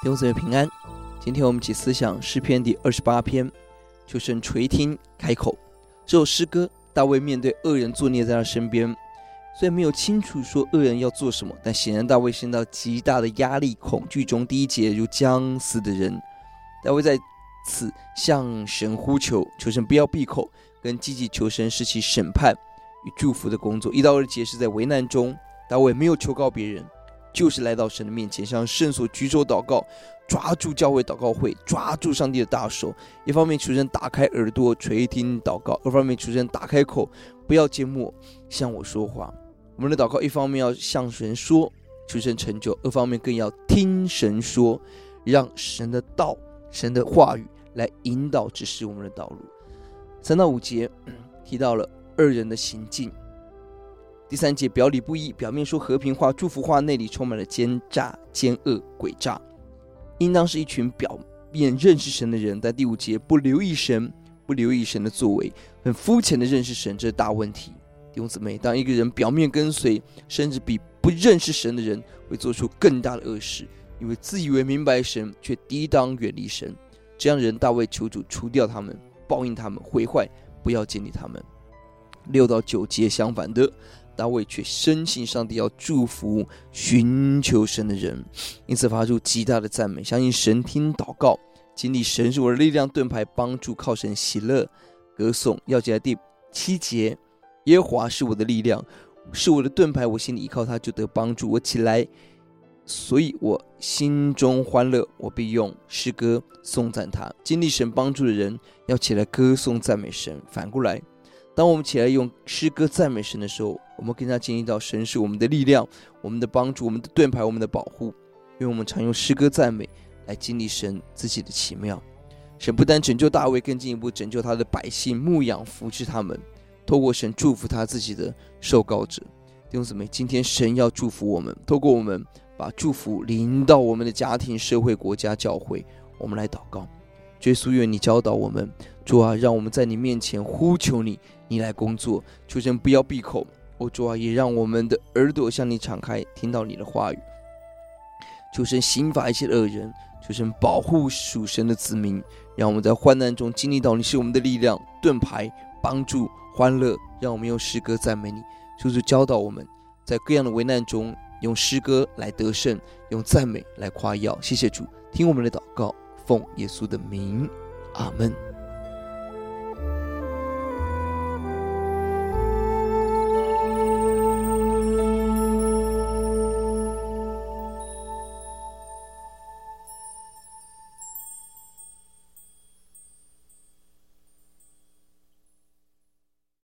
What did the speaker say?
天父賜我平安。今天我們一起思想詩篇第二十八篇，求神垂聽開口。這首詩歌，大衛面對惡人作孽在他身邊，雖然沒有清楚說惡人要做什麼，但顯然大衛陷到極大的壓力恐懼中。第一節如將死的人，大衛在此向神呼求，求神不要閉口，更積極求神施行審判與祝福的工作。一到二節是在危難中，大衛沒有求告別人。就是來到神的面前，向聖所舉手禱告，抓住教會禱告會，抓住上帝的大手。一方面，求神打開耳朵垂聽禱告；另一方面，求神打開口，不要緘默向我說話。我們的禱告，一方面要向神說，求神成就；另一方面，更要聽神說，讓神的道、神的話語來引導指示我們的道路。三到五節、嗯、提到了惡人的行徑。第三節表裡不一，表面說和平話、祝福話，內裡充滿了奸詐、奸惡、詭詐，應當是一群表面認識神的人。在第五節不留意神，不留意神的作為，很膚淺的認識神，這是大問題。弟兄姊妹，當一個人表面跟隨，甚至比不認識神的人會做出更大的惡事，因為自以為明白神，卻抵擋遠離神。這樣人大衛求主，除掉他們，報應他們，毀壞，不要建立他們。六到九節相反的。大衛卻深信上帝要祝福尋求神的人，因此發出極大的讚美，相信神聽禱告，經歷神是我的力量、盾牌，幫助靠神喜樂歌頌。要記在第七節，耶和華是我的力量，是我的盾牌，我心裡依靠他，就得幫助我起來。所以我心中歡樂，我必用詩歌頌讚他。經歷神幫助的人要起來歌頌讚美神。反過來。當我們起來用詩歌讚美神的時候，我們更加經歷到神是我們的力量、我們的幫助、我們的盾牌、我們的保護。因為我們常用詩歌讚美來經歷神自己的奇妙。神不但拯救大衛，更進一步拯救他的百姓，牧養、扶持他們。透過神祝福他自己的受膏者。弟兄姊妹，今天神要祝福我們，透過我們把祝福臨到我們的家庭、社會、國家、教會。我們來禱告，耶穌，願你教導我們。主啊，讓我們在你面前呼求你，你來工作；求神不要閉口，我、哦、主啊，也讓我們的耳朵向你敞開，聽到你的話語；求神刑罰一切惡人，求神保護屬神的子民，讓我們在患難中經歷到你是我們的力量、盾牌、幫助、歡樂。讓我們用詩歌讚美你，求主，主教導我們，在各樣的危難中用詩歌來得勝，用讚美來誇耀。謝謝主，聽我們的禱告，奉耶穌的名，阿門。